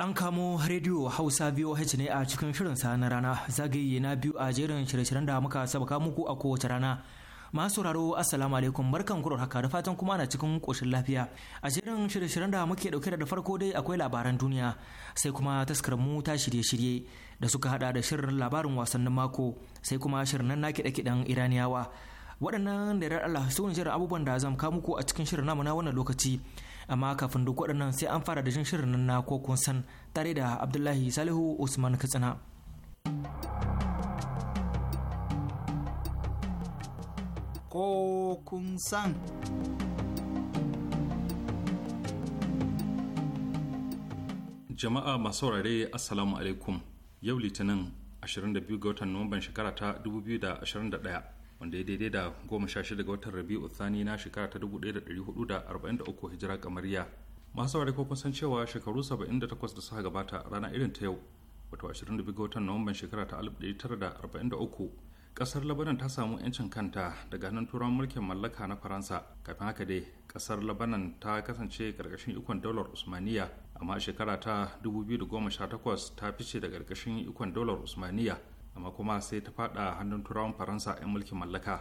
An kamo rediyo Hausa biyu VOH ne a cikin shirin sa na rana zagaye na biyu a jerin shirye-shiryen da muka sabaka muku a kowace rana. Masu sauraro Assalamu alaikum barkan kuro haka da fatan kuma na cikin koshin lafiya. A jerin shirye-shiryen da muke dauke da farko dai akwai labaran duniya sai kuma taskar mu ta shirye-shirye da suka hada da shirin labarin wasannin mako sai kuma shirin nan na kiɗe-kiɗen Iraniyawa. Waɗannan da Allah su ne abubuwan da zan kawo muku a cikin shirin namu na wannan lokaci. amma kafin duk waɗannan sai an fara da jin shirin nan na ko kun san tare da abdullahi salihu usman katsina ko san jama'a masu saurare assalamu alaikum yau litinin 22 ga watan nuwamban shekara ta 2021 wanda ya daidai da goma sha shida ga watan rabi'u thani na shekara ta dubu da da da arba'in uku hijira kamariya masu saurari ko kun san cewa shekaru saba'in da takwas da suka gabata rana irin ta yau wato biyu ga watan nuwamban shekara ta alif tara da da arba'in uku. kasar labanan ta samu yancin kanta daga hannun turawan mulkin mallaka na faransa kafin haka dai kasar labanan ta kasance karkashin ikon daular usmaniya amma shekara ta takwas ta fice da karkashin ikon daular usmaniya amma kuma sai ta fada hannun turawan faransa 'yan mulkin mallaka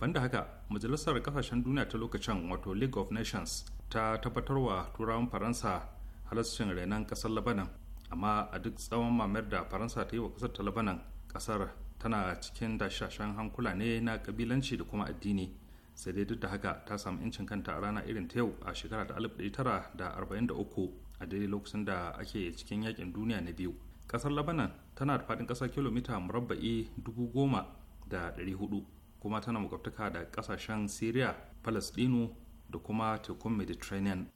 banda haka majalisar kasashen duniya ta lokacin wato league of nations ta tabbatar wa turawan faransa halascin renon kasar labanan amma a duk tsawon mamayar da faransa ta yi wa kasar ta labanan kasar tana cikin dashashen hankula ne na kabilanci da kuma addini sai dai duk da haka ta samu incin kanta a rana irin ta yau a shekara ta 1943 a daidai lokacin da ake cikin yakin duniya na biyu kasar labanan tana da faɗin ƙasa kilomita murabba'i 10,400 kuma tana makwabtaka da ƙasashen syria palestino da kuma tekun mediterranean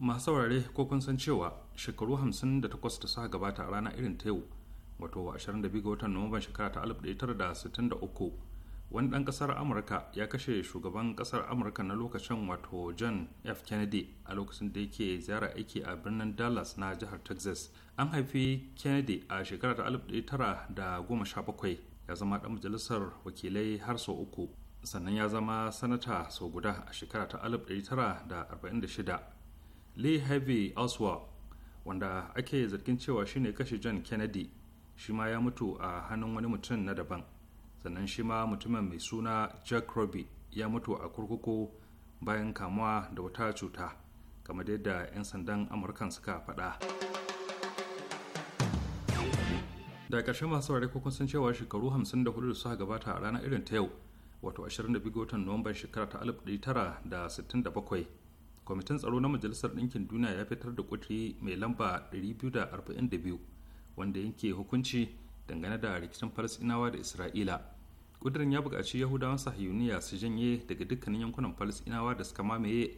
masu saurare ko kun san cewa shekaru 58 da suka gabata a rana irin ta yau wato 22 ga watan nuwamban shekara ta 1963 wani ɗan ƙasar amurka ya kashe shugaban ƙasar amurka na lokacin wato john f kennedy a lokacin da yake ziyara aiki a birnin dallas na jihar texas an haifi kennedy a shekarar ta 1917 ya zama ɗan majalisar wakilai har sau uku sannan ya zama sanata sau guda a shekara ta shida lee harvey oswald wanda ake zargin cewa shine kashe john kennedy shi ma ya mutu a hannun wani mutum na daban sannan shi ma mutumin mai suna jack robby ya mutu a kurkuku bayan kamuwa da wata cuta kamar yadda 'yan sandan amurkan suka faɗa da ƙarshen masu saurari ko sun cewa shekaru 54 da suka gabata a ranar irin ta yau wato 22 ga watan nuwamban shekara ta 1967 kwamitin tsaro na majalisar ɗinkin duniya ya fitar da kuturi mai lamba 242 wanda yanke hukunci dangane da rikicin falasinawa da isra'ila ƙudurin ya buƙaci yahudawan sahiyuniya su janye daga dukkanin yankunan Falasinawa da suka mamaye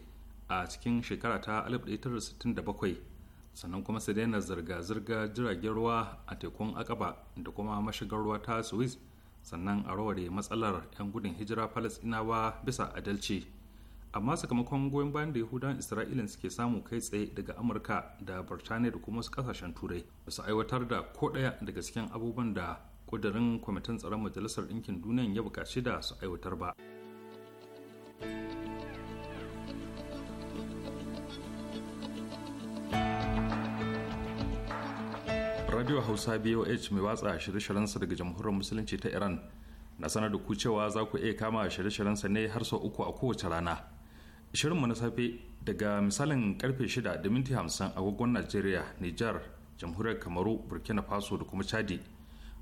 a cikin shekara ta 1967 sannan kuma su daina zirga-zirga jiragen ruwa a tekun akaba da kuma mashigar ruwa ta Suwis sannan a rawar matsalar 'yan gudun hijira falasɗinawa bisa adalci amma sakamakon goyon bayan da Yahudawan isra'ila suke samu kai tsaye daga amurka da birtaniya da kuma wasu kasashen turai ba su aiwatar da ko ɗaya daga cikin abubuwan da kudirin kwamitin tsaron majalisar ɗinkin duniya ya buƙaci da su aiwatar ba radio hausa boh mai watsa shirye-shiryensa daga jamhuriyar musulunci ta iran na sanar da ku cewa za ku iya kama shirye sa ne har sau uku a kowace rana shirinmu na safe daga misalin karfe 6 da minti 50 agogon najeriya nijar jamhuriyar kamaru burkina faso da kuma chadi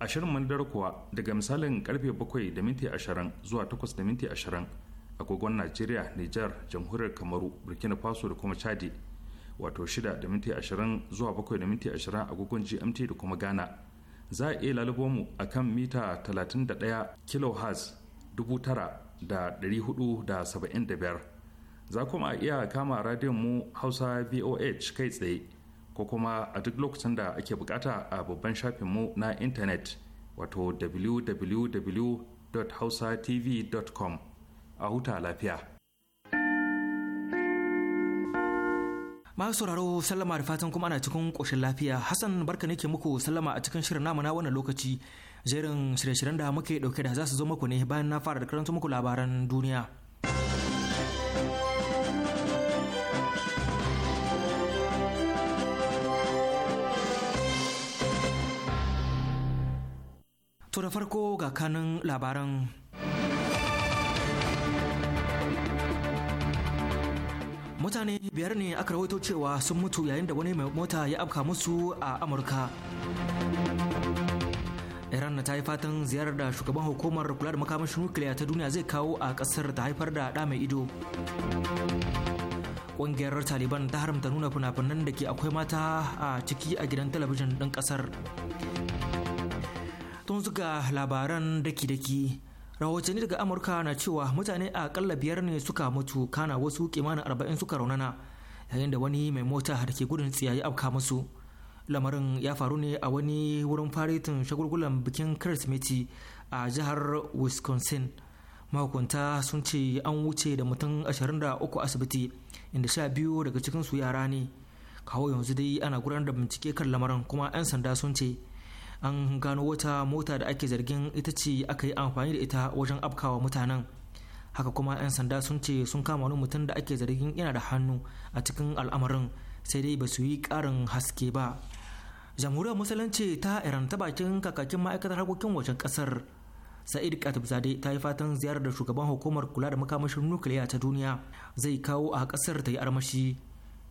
ashirin mandar kuwa daga misalin karfe 7 da minti 20 zuwa 8 da minti 20 agogon najeriya niger jamhuriyar kamaru burkina faso da kuma chadi wato 6 da minti 20 zuwa 7 da minti 20 agogon gmt da kuma ghana za a iya lalubo mu a kan mita 31 kilohertz 9475 za kuma a iya kama radiyon mu hausa voh kai tsaye ko kuma a duk lokacin da ake bukata a babban shafinmu na intanet wato www.hausatv.com a huta lafiya. masu sauraro sallama da fatan kuma ana cikin ƙoshin lafiya hassan barka nake muku sallama a cikin shirin namu na wannan lokaci jerin shirye-shiryen da muke dauke da za su zo muku ne bayan na fara da karanta muku labaran duniya. To da farko ga kanin labaran mutane biyar ne aka rawaito cewa sun mutu yayin da wani mai mota ya afka musu a amurka iran na ta yi fatan ziyarar da shugaban hukumar kula da makamashin nukiliya ta duniya zai kawo a kasar ta haifar da ɗa mai ido ƙungiyar taliban ta haramta nuna fina-finan da ke akwai mata a ciki a gidan talabijin ɗin ƙasar don zuga labaran daki-daki rahotanni daga amurka na cewa mutane a akalla biyar ne suka mutu kana wasu kimanin arba'in suka raunana yayin da wani mai mota da ke gudun tsiyayi afka musu lamarin ya faru ne a wani wurin faritin shagulgulan bikin kirsimeti a jihar wisconsin mahukunta sun ce an wuce da mutum 23 asibiti inda sha biyu daga cikinsu yara ne kawo yanzu dai ana gudanar da bincike kan lamarin kuma 'yan sanda sun ce an gano wata mota da ake zargin ita ce aka yi amfani da ita wajen afkawa mutanen haka kuma 'yan sanda sun ce sun kama wani mutum da ake zargin yana da hannu a cikin al'amarin sai dai ba su yi karin haske ba jamhuriyar musulunci ta iran ta bakin kakakin ma'aikatar harkokin wajen kasar sa'id katibzade ta yi fatan ziyarar da shugaban hukumar kula da makamashin nukiliya ta duniya zai kawo a kasar ta yi armashi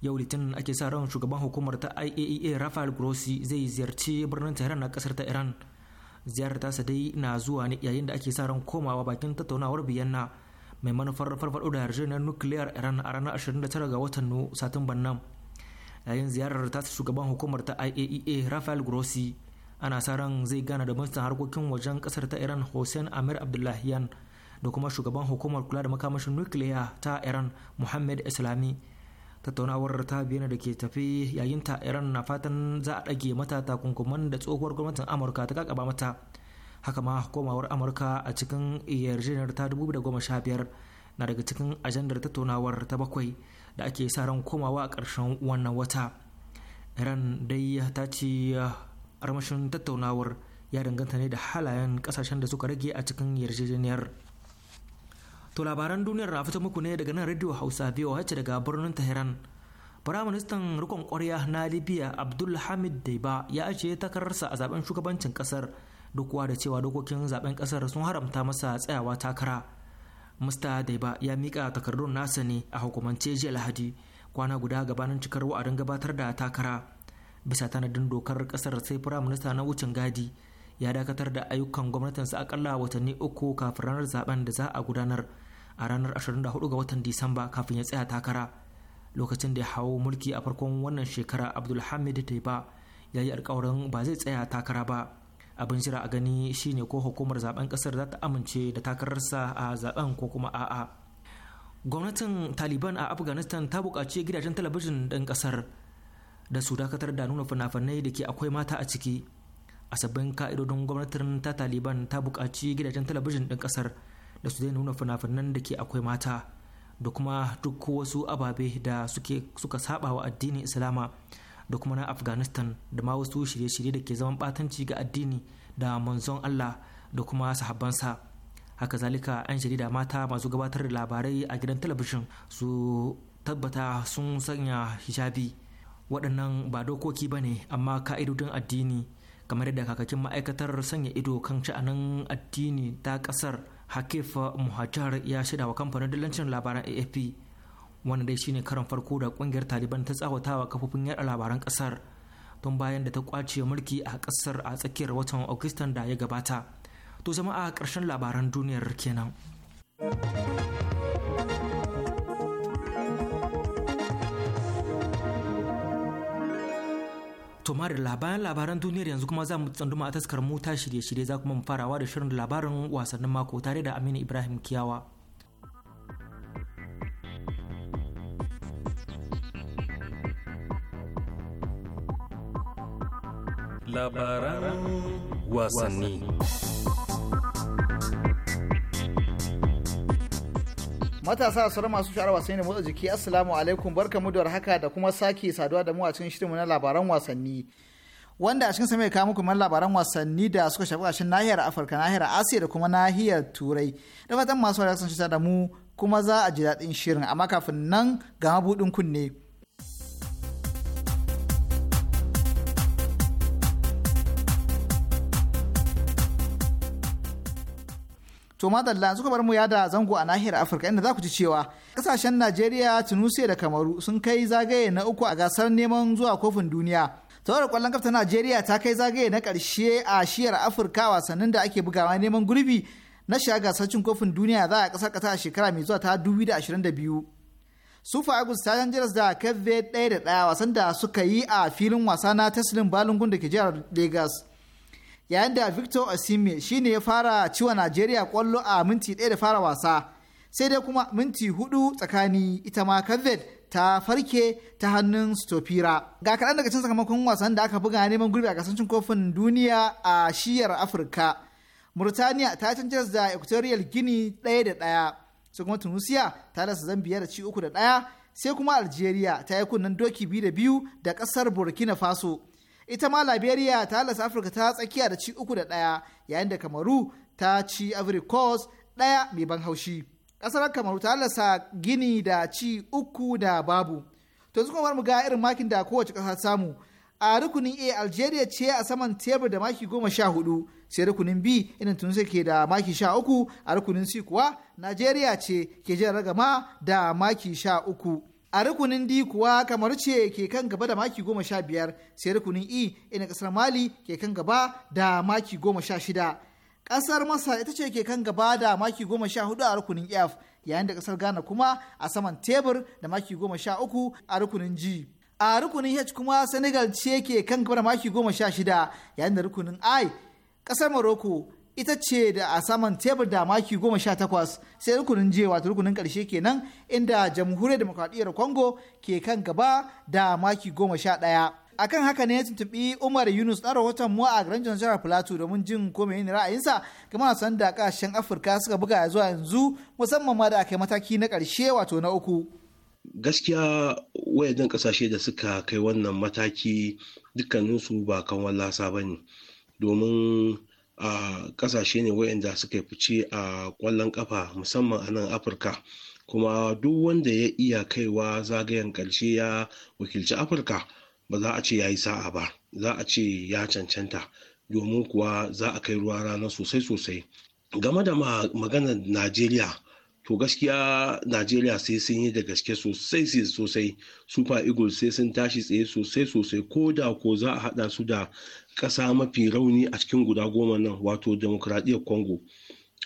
yau litinin ake sa ran shugaban hukumar ta iaea e rafael grossi zai ziyarci birnin tehran na kasar ta iran ziyarar tasa dai na zuwa ne yayin da ake sa ran komawa bakin tattaunawar biyanna mai manufar farfado da yarjejeniyar nukiliyar iran a ranar 29 ga watan satumban nan yayin ziyarar tasa shugaban hukumar ta iaea e rafael grossi ana sa ran zai gana da ministan harkokin wajen kasar ta iran hussein amir abdullahiyan da kuma shugaban hukumar kula da makamashin nukiliya ta iran muhammad islami tattaunawar ta biyan da ke tafi yayin ta iran na fatan za a ɗage mata takunkuman da tsohuwar gwamnatin amurka ta kakaba mata haka ma komawar amurka a cikin yarjejeniyar ta 2015 na daga cikin ajandar tattaunawar ta bakwai da ake sa ran komawa a ƙarshen wannan wata iran dai ta ce ah, armashin tattaunawar ya danganta ne da halayen ƙasashen da suka rage a cikin yarjejeniyar To labaran duniyar rafi ta muku ne daga nan Radio Hausa biyu wacce daga birnin Tehran. Firaministan rikon kwarya na Libya Abdul Hamid Daiba ya ajiye takararsa a zaben shugabancin kasar duk da cewa dokokin zaben kasar sun haramta masa tsayawa takara. Mr. Daiba ya mika takardun nasa ne a hukumance jiya Lahadi kwana guda gabanin cikar wa'adin gabatar da takara. Bisa tanadin dokar kasar sai firaminista na wucin gadi ya dakatar da ayyukan gwamnatinsa akalla watanni uku kafin ranar zaben da za a gudanar. a ranar 24 ga watan Disamba kafin ya tsaya takara. Lokacin da ya hau mulki a farkon wannan shekara Abdulhamid Taiba ya yi alkawarin ba zai tsaya takara ba. Abin jira a gani shine ko hukumar zaben kasar za ta amince da takararsa a zaben ko kuma a'a. Gwamnatin Taliban a Afghanistan ta buƙaci gidajen talabijin ɗin ƙasar da su dakatar da nuna fina-finai da ke akwai mata a ciki. a sabbin ka'idodin gwamnatin ta taliban ta buƙaci gidajen talabijin ɗin kasar. da su daina nuna fina-finan da ke akwai mata da kuma duk wasu ababe da suka saba wa addinin islama da kuma na afghanistan da ma wasu shirye-shirye da ke zaman batanci ga addini da manzon allah da kuma sahabbansa haka zalika an jarida mata masu gabatar da labarai a gidan talabijin su tabbata sun sanya hijabi waɗannan ba dokoki ba ne amma ka'idodin addini kamar yadda kakakin ma'aikatar sanya ido kan sha'anin addini ta ƙasar hakif muhajar ya shaida wa kamfanin dillancin labaran afp wanda dai shine karan farko da kungiyar taliban ta tsawatawa kafofin yada labaran kasar tun bayan da ta kwace mulki a kasar a tsakiyar watan augustan da ya gabata to jama'a karshen labaran duniyar kenan To Marilla bayan labaran duniyar yanzu kuma za mu tsanduma a taskar mu ta shirye-shirye za kuma mu farawa da shirin labarin wasannin mako tare da Aminu Ibrahim Kiyawa. Labaran wasanni. matasa sauran masu sha'ar wasanni da motsa jiki assalamu alaikum barkamu da haka da kuma sake saduwa da mu a cikin shirinmu na labaran wasanni wanda a cikin sa mai kawo muku man labaran wasanni da suka shafi ƙarshen nahiyar afirka nahiyar asiya da kuma nahiyar turai da fatan masu sun da mu kuma za a ji daɗin shirin amma kafin nan ga mabuɗin kunne. To madalla suka bar mu ya da zango a nahiyar Afirka inda za ku ci cewa kasashen Najeriya, tunusiya da Kamaru sun kai zagaye na uku a gasar neman zuwa kofin duniya. Tawarar kwallon kafta Najeriya ta kai zagaye na karshe a shiyar Afirka wasannin da ake bugawa neman gurbi na shiga gasar cin kofin duniya za a kasar kasa a shekara mai zuwa ta 2022. Sufa Agus ta Rangers da Kebbe ɗaya da ɗaya wasan da suka yi a filin wasa na Teslim Balungun da ke jihar Legas. yayin da victor osimhen shine ya fara ciwa najeriya kwallo a minti ɗaya da fara wasa sai dai kuma minti hudu tsakani ita ma kanvet ta farke ta hannun stopira ga kaɗan daga cin sakamakon wasan da aka buga neman gurbi a gasar cin kofin duniya a shiyar afirka murtaniya ta canza da equatorial guinea ɗaya da ɗaya sai kuma tunisia ta rasa zambiya da ci uku da ɗaya sai kuma algeria ta yi kunnen doki biyu da biyu da ƙasar burkina faso ita ma liberia ta halasa afirka ta tsakiya da ci uku da ɗaya yayin da kamaru ta ci ivory coast ɗaya mai ban haushi ƙasar kamaru ta halasa gini da ci uku da babu to su kuma mu ga irin makin da kowace ƙasa samu a rukunin a algeria ce a saman tebur da maki goma sha hudu sai rukunin b irin tunisia ke da maki sha uku a rukunin c kuwa nigeria ce ke jan ragama da maki sha uku a rukunin D kuwa kamar ce ke kan gaba da maki goma sha biyar sai rukunin E ina kasar Mali ke kan gaba da maki goma sha shida. Kasar Masar ita ce ke kan gaba da maki goma sha hudu a rukunin F yayin da kasar Ghana kuma a saman tebur da maki goma sha uku a rukunin G. A rukunin H kuma Senegal ce ke kan gaba da maki goma sha shida yayin da rukunin I kasar Morocco ita ce da a saman tebur da maki goma sha takwas sai rukunin jiya wato rukunin karshe kenan inda jamhuriyar demokradiyyar congo ke kan gaba da maki goma sha ɗaya akan haka ne ya tuntubi umar yunus na rahoton mu a garin jihar plateau domin jin ko yin ra'ayinsa kamar san da afirka suka buga ya zuwa yanzu musamman ma da aka yi mataki na karshe wato na uku gaskiya wayannan kasashe da suka kai wannan mataki dukkaninsu ba kan wallasa ba ne domin a kasashe ne waɗanda suka fice a ƙwallon ƙafa musamman a nan afirka kuma duk wanda ya iya kaiwa zagayen ƙarshe ya wakilci afirka ba za a ce ya yi sa'a ba za a ce ya cancanta domin kuwa za a kai ruwa rana sosai sosai game da maganar najeriya to gaskiya najeriya sai sun yi da gaske sosai sosai super eagles sai sun tashi tsaye sosai sosai ko da ko za a hada su da ƙasa mafi rauni a cikin guda goma nan wato demokradiyyar congo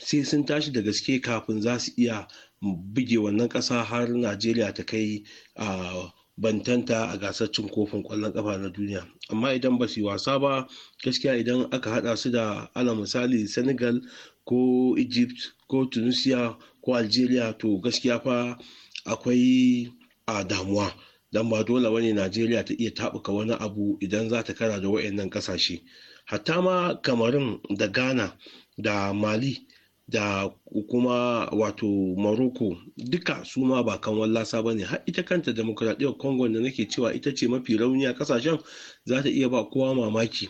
sai sun tashi da gaske kafin za su iya buge wannan ƙasa har najeriya ta kai a bantanta a gasar cin kofin ƙwallon ƙafa na duniya amma idan ba su yi wasa ba gaskiya idan aka haɗa su da ala misali senegal ko egypt ko tunisia ko algeria to gaskiya fa akwai a damuwa dan ba dole wani Najeriya ta iya tabuka wani abu idan za ta kara da wayannan kasashe hatta ma kamarin da Ghana da Mali da kuma wato Morocco duka su ma ba kan wallasa ba ne har ita kanta demokradiyyar Congo da nake cewa ita ce mafi rauni a kasashen za ta iya ba kowa mamaki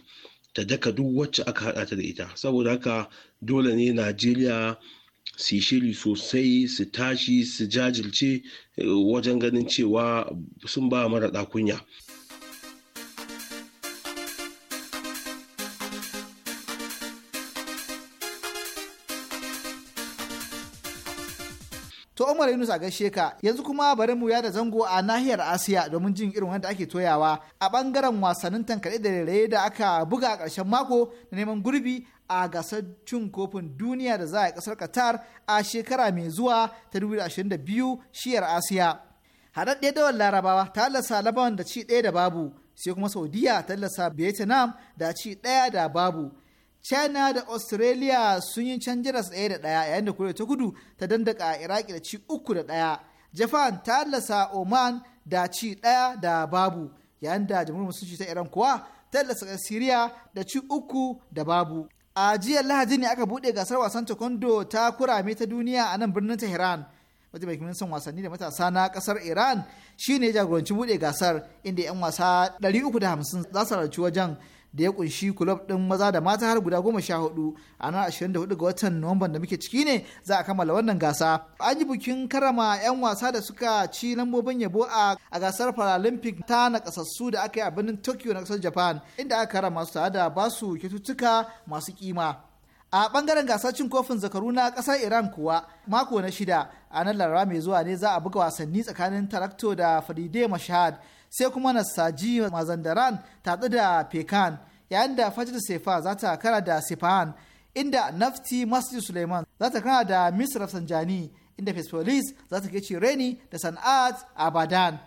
ta daka duk wacce aka haɗa ta da ita saboda haka dole ne Najeriya su yi shiri sosai su tashi su jajirce eh, wajen ganin cewa sun ba mara ɗakunya. To Umar Yunus a gaishe ka yanzu kuma bari mu yada zango a nahiyar Asiya domin jin irin wanda ake toyawa a bangaren wasannin tankaɗe da raye da aka buga a ƙarshen mako na neman gurbi a gasar cin kofin duniya da za a yi kasar qatar a shekara mai zuwa ta 2022 shiyar asiya haɗaɗɗe dawar larabawa ta lasa labawan da ci ɗaya da babu sai kuma saudiya ta lasa vietnam da ci ɗaya da babu china da australia sun yi can jaras ɗaya da ɗaya yayin da koriya ta kudu ta dandaka a iraki da ci uku da ɗaya japan ta lasa oman da ci ɗaya da babu yayin da jamhuriyar musulunci ta iran kuwa ta lasa syria da ci uku da babu a jiya lahadi ne aka bude gasar wasan taekwondo ta kurame ta duniya a nan birnin tehran mataimakin son wasanni da matasa na kasar iran shine jagoranci bude gasar inda 'yan wasa 350 za su rarci wajen da ya kunshi kulob din maza da mata har guda goma sha hudu a ashirin da hudu ga watan nuwamban da muke ciki ne za a kammala wannan gasa an yi bikin karama 'yan wasa da suka ci lambobin yabo a gasar paralympic ta nakasassu da aka yi a birnin tokyo na kasar japan inda aka karama su tare da su kyaututtuka masu kima a bangaren gasar cin kofin zakaru na kasar iran kuwa mako na shida a nan laraba mai zuwa ne za a buga wasanni tsakanin tarakto da faride mashad. sai kuma nasaji mazandaran tatsi da pekan yayin da fajr sefa za ta kara da sefahan inda nafti masjid suleiman za ta kara da misraf sanjani inda fesfolis za ta ke reni da san'at abadan.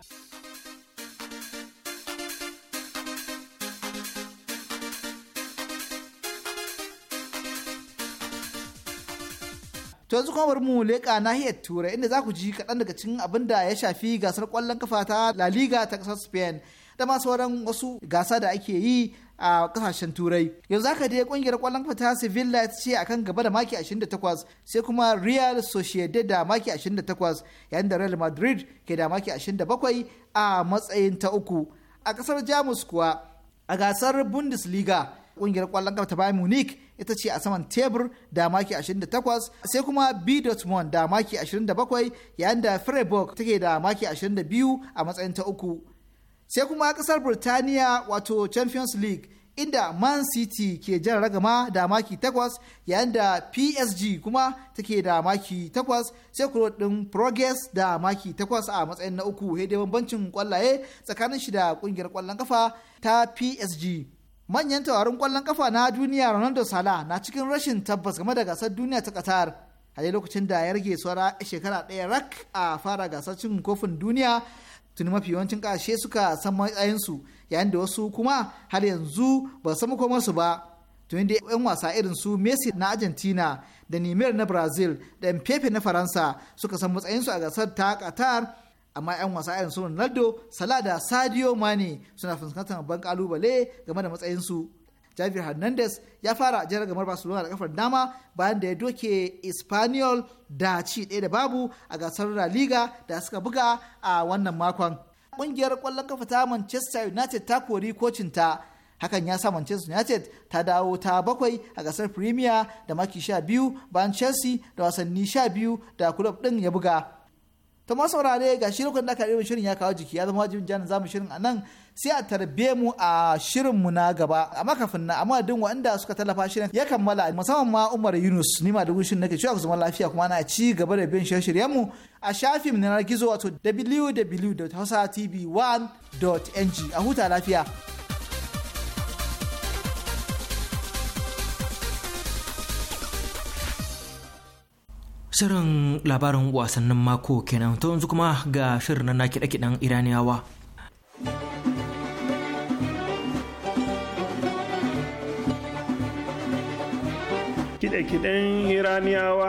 to yanzu kuma bari mu leƙa nahiyar turai inda za ku ji kaɗan daga cikin abin da ya shafi gasar ƙwallon kafa ta la liga ta ƙasar spain da ma sauran wasu gasa da ake yi a kasashen turai yanzu haka dai ƙungiyar ƙwallon kafa ta sevilla ta ce akan gaba da maki 28 sai kuma real sociedad da maki 28 yayin da real madrid ke da maki 27 a matsayin ta uku a kasar jamus kuwa a gasar bundesliga kungiyar kwallon kafa ta Bayern Munich ita ce a saman tebur da maki 28 sai kuma B Dortmund da maki 27 yayin da Freiburg take da maki 22 a matsayin ta uku. Sai kuma kasar Burtaniya wato Champions League inda Man City ke jan ragama da maki 8 yayin da PSG kuma take da maki 8 sai kuro din Progress da maki 8 a matsayin na uku dai bambancin kwallaye tsakanin shi da kungiyar kwallon kafa ta PSG. manyan taurarin kwallon kafa na duniya Ronaldo sala na cikin rashin tabbas game da gasar duniya ta Qatar. A lokacin da ya rage saura shekara ɗaya rak a fara gasar cin kofin duniya tuni mafi yawancin ƙasashe suka san matsayinsu yayin da wasu kuma har yanzu ba su samu komarsu ba. Tuni da 'yan wasa irin su Messi na Argentina da Neymar na Brazil da mpepe na Faransa suka san matsayinsu a gasar ta Qatar amma 'yan wasa irin su Ronaldo, Salah da Sadio Mane suna fuskantar babban kalubale game da matsayin su Javier Hernandez ya fara jirar gamar Barcelona da kafar dama bayan da ya doke Espanyol da ci ɗaya da babu a gasar La Liga da suka buga a wannan makon. Ƙungiyar kwallon kafa ta Manchester United ta kori kocin ta hakan ya sa Manchester United ta dawo ta bakwai a gasar Premier da maki sha biyu bayan Chelsea da wasanni sha biyu da kulob ɗin ya buga. to ma saurare ga shirin da karɓi shirin ya kawo jiki ya zama wajibin jana zamu shirin a nan sai a tarbe mu a shirin mu na gaba amma makafin na amma din wanda suka tallafa shirin ya kammala musamman ma Umar Yunus ni ma da gushin nake cewa ku zama lafiya kuma na ci gaba da bin shirye-shiryen mu a shafin na gizo wato www.hausatv1.ng a huta lafiya Shirin labarin wasannin mako kenan ta yanzu kuma ga shirin na kiɗe-kiɗen Iraniyawa. Kiɗe-kiɗen Iraniyawa.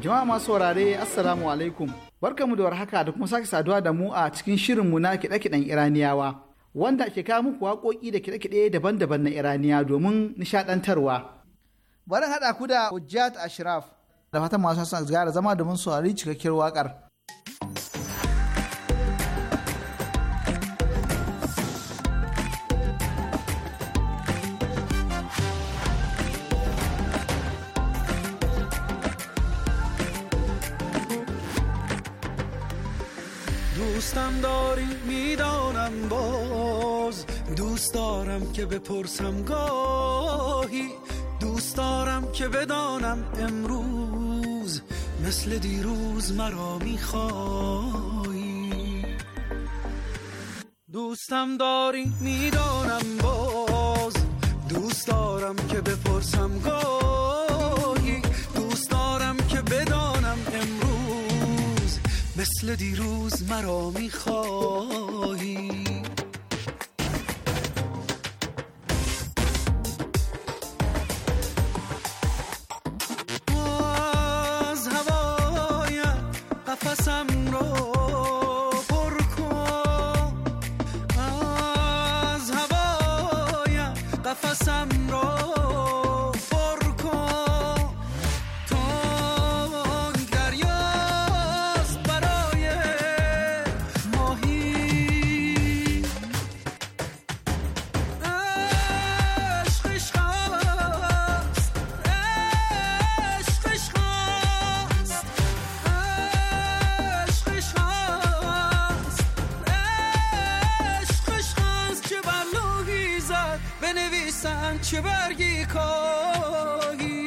Jama'a masu saurare Assalamu alaikum. Barkamu da warhaka da kuma sake saduwa da mu a cikin shirinmu na kiɗe-kiɗen Iraniyawa. wanda ke kawo muku waƙoƙi da kiɗe-kiɗe daban-daban na iraniya domin nishaɗantarwa bari haɗa ku da hujjat ashraf da fatan masu son gara zama domin saurari cikakkiyar waƙar دوست دارم که بپرسم گاهی دوست دارم که بدانم امروز مثل دیروز مرا میخوای دوستم داری میدانم باز دوست دارم که بپرسم گاهی دوست دارم که بدانم امروز مثل دیروز مرا میخوای Oh. من چه برگی کاهی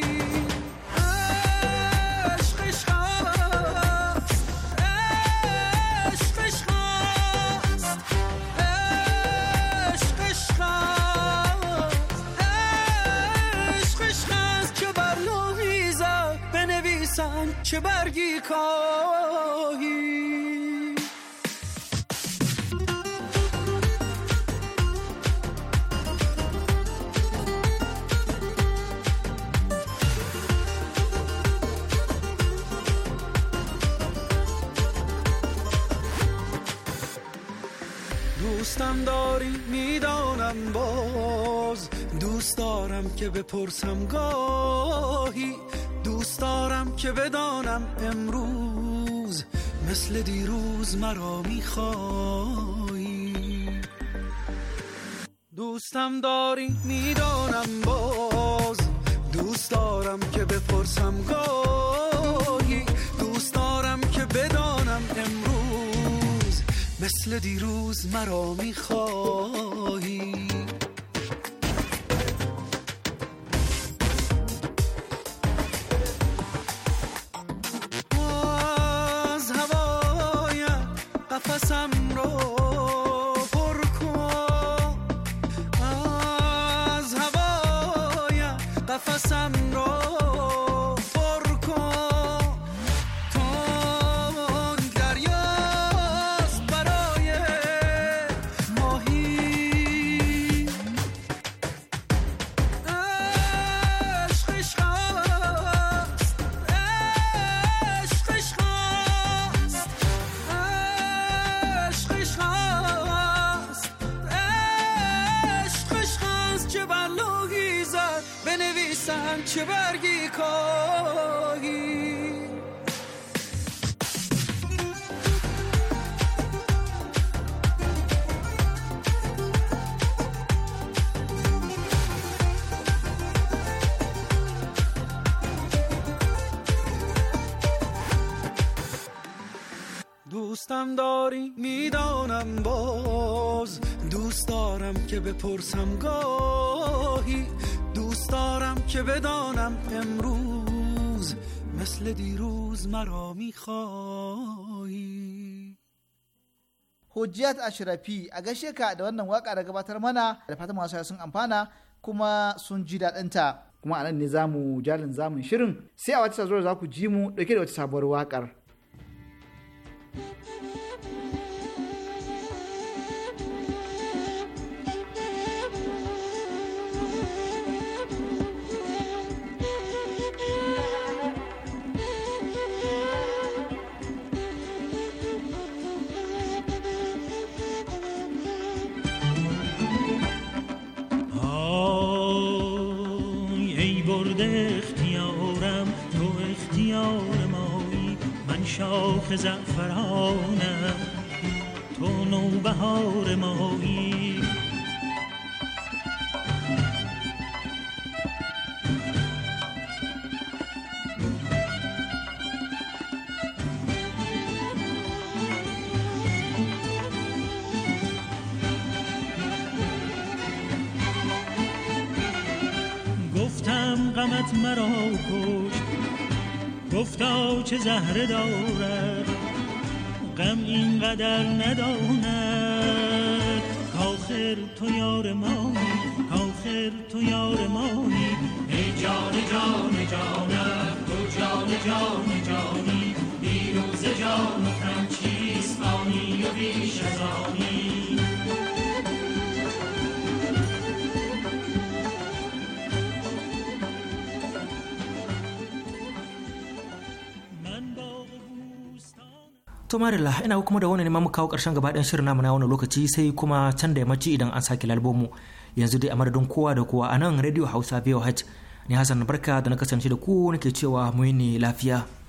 چه برگی کار میپرسم گاهی دوست دارم که بدانم امروز مثل دیروز مرا میخوای دوستم داری میدانم باز دوست دارم که بپرسم گاهی دوست دارم که بدانم امروز مثل دیروز مرا میخوای دوستم داری میدانم باز دوست دارم که بپرسم گاهی دوست دارم که بدانم امروز مثل دیروز مرا میخواهی Hujjat Ashrafi a gashe ka da wannan waka da gabatar mana da fatan masu sun amfana kuma sun ji daɗinta. Kuma anan ne zamu jalin zamun shirin sai a wata sazuwar za ku ji mu ɗauke da wata sabuwar waƙar. شاخ زعفرانم تو نوبهار ماهی گفتم غمت مرا کشت گفتا چه زهره دارد غم اینقدر نداند کاخر تو یار مانی کاخر تو یار مانی ای جان جان جانم تو جان جان جانی بیروز جان و کم چیست و بیش از To Marilla, ina kuma da wani neman mu kawo ƙarshen gaba shirin namu na wani lokaci sai kuma can da yammaci idan an sake lalbomu. Yanzu dai a madadin kowa da kowa a nan Radio Hausa VOH. Ni Hassan Barka da na kasance da ku nake cewa mu ne lafiya.